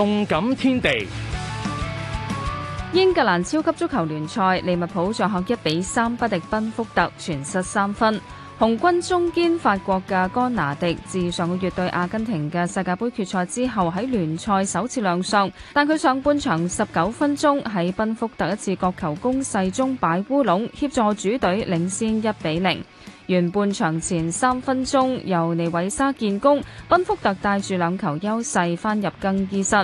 動感天地，英格蘭超級足球聯賽，利物浦作客一比三不敵賓福特，全失三分。紅軍中堅法國嘅干拿迪自上個月對阿根廷嘅世界杯決賽之後，喺聯賽首次亮相，但佢上半場十九分鐘喺賓福特一次角球攻勢中擺烏龍，協助主隊領先一比零。完半場前三分鐘，由尼偉沙建功，賓福特帶住兩球優勢返入更衣室。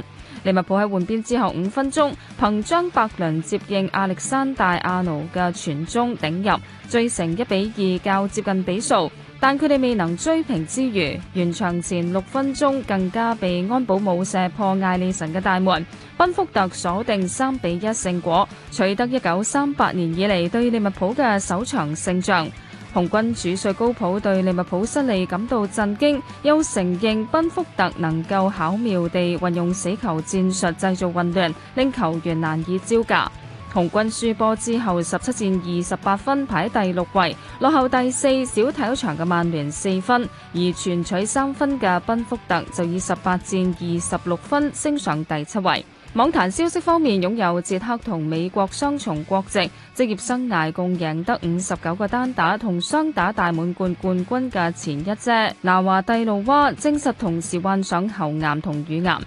利物浦喺換邊之後五分鐘，憑張伯倫接應亞力山大阿奴嘅傳中頂入，追成一比二，較接近比數。但佢哋未能追平之餘，完場前六分鐘更加被安保姆射破艾利臣嘅大門，賓福特鎖定三比一勝果，取得一九三八年以嚟對利物浦嘅首場勝仗。紅軍主帥高普對利物浦失利感到震驚，又承認賓福特能夠巧妙地運用死球戰術製造混亂，令球員難以招架。紅軍輸波之後十七戰二十八分排第六位，落後第四少踢一場嘅曼聯四分，而全取三分嘅賓福特就以十八戰二十六分升上第七位。網壇消息方面，擁有捷克同美國雙重國籍，職業生涯共贏得五十九個單打同雙打大滿貫冠軍嘅前一姐，拿華蒂露娃證實同時患上喉癌同乳癌。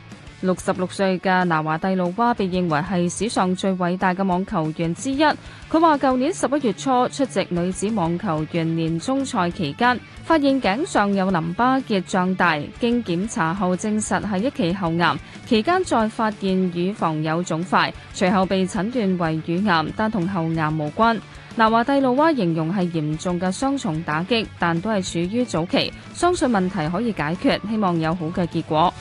六十六歲嘅拿華蒂露娃被認為係史上最偉大嘅網球員之一。佢話：舊年十一月初出席女子網球員年終賽期間，發現頸上有淋巴結脹大，經檢查後證實係一期喉癌。期間再發現乳房有腫塊，隨後被診斷為乳癌，但同喉癌無關。拿華蒂露娃形容係嚴重嘅雙重打擊，但都係處於早期，相信問題可以解決，希望有好嘅結果。